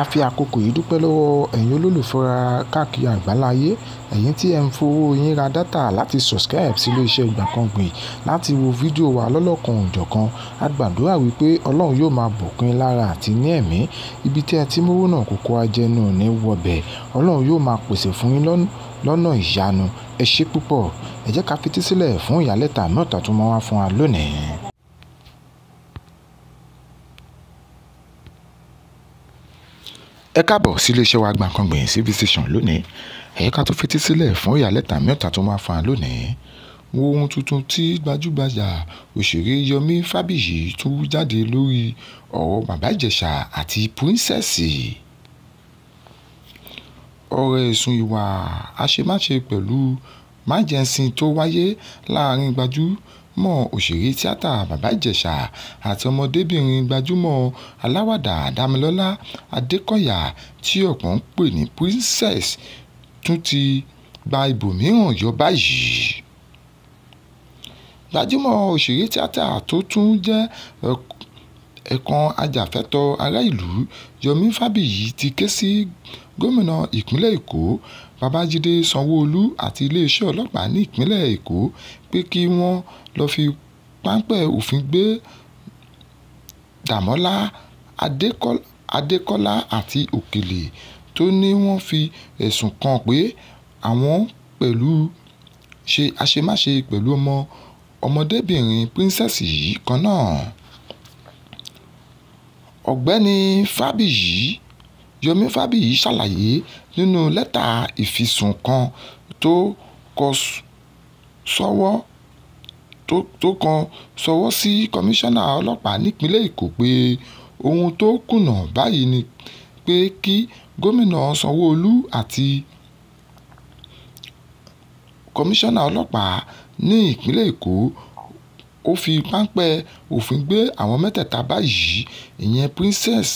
a fi àkókò yìí dúpẹ́ lọ́wọ́ ẹ̀yin olólùfẹ́ wa káàkiri àgbáláyé ẹ̀yin tí ẹ̀ ń fowó yín ra dátà láti subscribe sí iléeṣẹ́ Gbankanbi láti wo fídíò wa lọ́lọ́kan òjọ̀kan a gbàdúrà wípé ọlọ́run yóò máa bùkún lára àti ní ẹ̀mí ibi tí ẹ ti mówó náà kókó ajẹnu ní wọbẹ̀ ọlọ́run yóò máa pèsè fún yín lọ́nà ìyanu ẹ ṣé púpọ̀ ẹ jẹ́ ká fetí sílẹ̀ fún ìyálẹ́ta mẹ́ta tó máa wá fún wa lónìí. ẹ káàbọ̀ sí iléeṣẹ́ wa Gbankangbìn CB station lónìí ẹ̀yẹ́ ká tó fetí sílẹ̀ fún ìyàlẹ́ta mẹ́ta tó máa fa lónìí wo ohun tuntun tí gbajúgbajà òṣèré Yọmí Fábíyì tún wú jáde lórí ọ̀rọ̀ bàbá Ìjẹ̀ṣà àti píńsẹ̀sì ọ̀rọ̀ ẹ̀sùn ìwà àṣemáṣe pẹ̀lú májẹ̀sín tó wáyé láàrin gbajú mọ́ òṣèré tíátà Bàbá Ìjẹ̀ṣà àti ọmọdébìnrin gbajúmọ̀ aláwàdà Dámilọ́lá Adékọ̀yà tí ọ̀pọ̀ ń pè ní Princess tún ti gba ibòmíràn yọ báyìí. Gbajúmọ̀ òṣèré tíátà tó tún jẹ́ ẹ̀kan ajàfẹ́tọ̀ọ́ ará ìlú Yọmí Fábíyì ti ké sí gómìnà ìpínlẹ̀ Èkó Babájídé Sanwó-Olú àti iléeṣẹ́ ọlọ́pàá ní ìpínlẹ̀ Èkó pé kí wọ́n lọ́ọ́ fi páńpẹ́ òfin gbé Dàmọ́lá Adékọlá àti Òkèlè tó ní wọ́n fi ẹ̀sùn kàn pé àwọn pẹ̀lú ṣe àṣemáṣe pẹ̀lú ọmọdébìnrin Princess yìí kan náà. Ọ̀gbẹ́ni Fábíyì yomi fábíyì ṣàlàyé nínú lẹ́tà ìfisùn kan tó kọ sọ́wọ́ tó kan sọ́wọ́ sí kọmíṣánná ọlọ́pàá nípìnlẹ̀ èkó pé ohun tó kùnà báyìí ni pé kí gómìnà sanwó-olu àti kọmíṣánná ọlọ́pàá ní ìpínlẹ̀ èkó ó fi páńpẹ́ òfin gbé àwọn mẹ́tẹ̀ẹ̀ta báyìí ìyẹn princess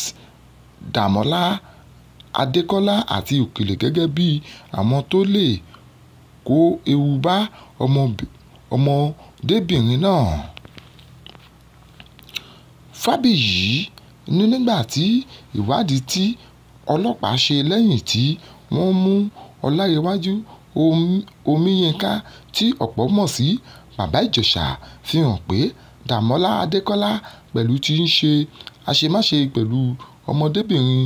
damola Adékọ́lá àti Òkèlè gẹ́gẹ́ bí àwọn tó lè kó ewu bá ọmọdébìnrin náà. Fábíyì ní nígbà tí ìwádìí tí ọlọ́pàá ṣe lẹ́yìn tí wọ́n mú Ọláléwájú Omíyinká tí ọ̀pọ̀ mọ̀ sí Bàbá Ìjẹ̀shà fi hàn pé Dàmọ́lá Adékọ́lá pẹ̀lú ti ń ṣe àṣemáṣe pẹ̀lú ọmọdébìnrin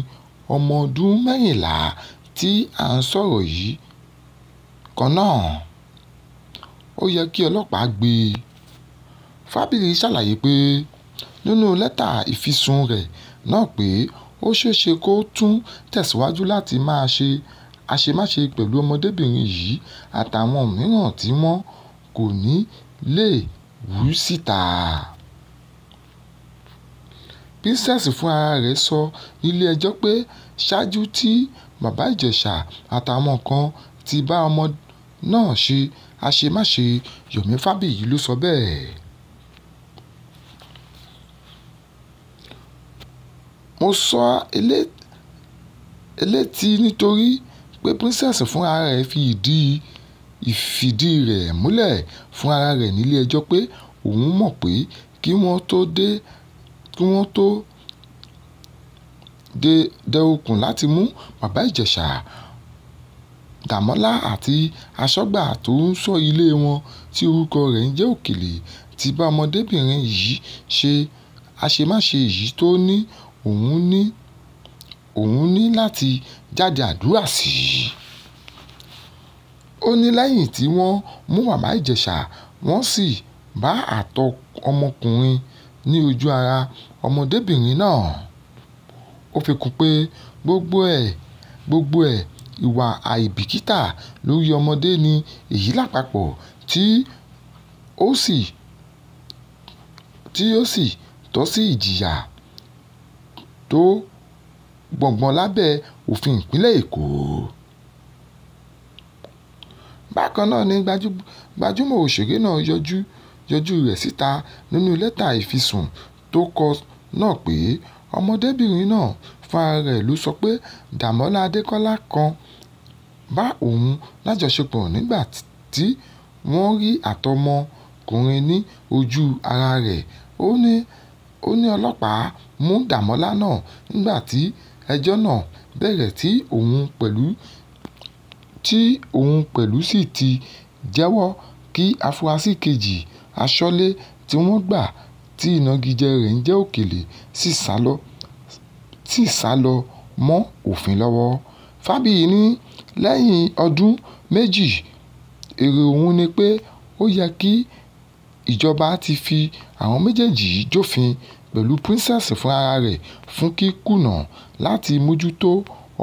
ọmọ ọdún mẹ́rìnlá tí à ń sọ̀rọ̀ yìí kan náà. Ó yẹ kí ọlọ́pàá gbé e. Fábíyì ṣàlàyé pé nínú lẹ́tà ìfisùn rẹ̀ náà pé ó ṣeéṣe kó tún tẹ̀síwájú láti máa ṣe àṣemáṣe pẹ̀lú ọmọdébìnrin yìí àtàwọn mìíràn tí wọn kò ní lè hù síta. Princess fúnra rẹ̀ sọ nílé-ẹjọ́ pé ṣáájú tí Bàbá Ìjẹ̀shà àtàwọn kan ti bá ọmọ náà ṣe àṣemáṣe, Yomi Fábíyì ló sọ bẹ́ẹ̀. Mo sọ eléyìí nítorí pé Princess fúnra rẹ̀ fi ìfìdí rẹ̀ múlẹ̀ fúnra rẹ̀ nílé-ẹjọ́ pé òun mọ̀ pé kí wọ́n tó dé kí wọ́n tó dẹ okùn láti mú bàbá ìjẹ̀ṣà dàmọ́lá àti aṣọ́gbà tó ń ṣọ́ ilé wọn tí orúkọ rẹ̀ ń jẹ́ òkèlè ti bá ọmọdébìnrin yìí ṣe àṣemáṣe èyí tó ní òun ní òun ní láti jáde àdúrà sí i. ó ní lẹ́yìn tí wọ́n mú bàbá ìjẹ̀ṣà wọ́n sì bá àtọ ọmọkùnrin ní ojú ara ọmọdébìnrin náà. Ó fi kún pé gbogbo ẹ̀ ìwà àìbìkítà lórí ọmọdé ni èyí lápapọ̀ tí ó sì tọ́ sí ìjìyà tó gbọ̀ngbọ̀n lábẹ́ òfin ìpínlẹ̀ Èkó. Bákan náà ni gbajúmọ̀ òṣèré náà yọjú yọjú rẹ̀ síta nínú lẹ́tà ìfisùn tó kọ náà pé ọmọdébìnrin náà fúnra rẹ̀ ló sọ pé Dàmọ́lá Adékọ́lá kan bá òun lájọṣepọ̀ nígbà tí wọ́n rí àtọmọkùnrin ní ojú ara rẹ̀. Ó ní ọlọ́pàá mú Dàmọ́lá náà nígbà tí ẹjọ́ náà bẹ̀rẹ̀ tí òun pẹ̀lú sì ti jẹ́wọ́ kí afurasí kejì Aṣọ́lé tíwọ́n gbà tí ìnagijẹ rẹ̀ ńjẹ́ Òkèlè sì sálọ mọ́ òfin lọ́wọ́. Fábíyì ní lẹ́yìn ọdún méjì èrò òun ni pé ó yẹ kí ìjọba ti fi àwọn méjèèjì yìí jófin pẹ̀lú Princess fúnrararẹ̀ fún kíkùnà láti mójútó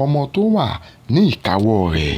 ọmọ tó wà ní ìkáwọ́ rẹ̀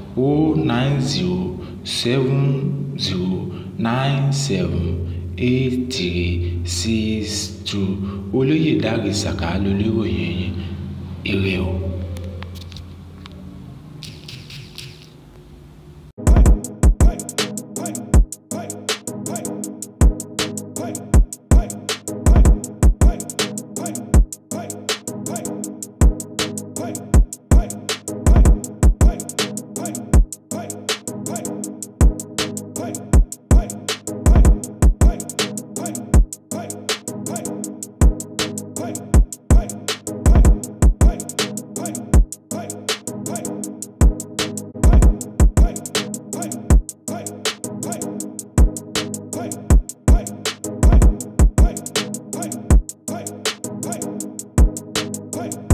o nine zero seven zero nine seven eight three six two olóyèdárẹ́ sàká lolóròyìn yín ire o Hey! Hey!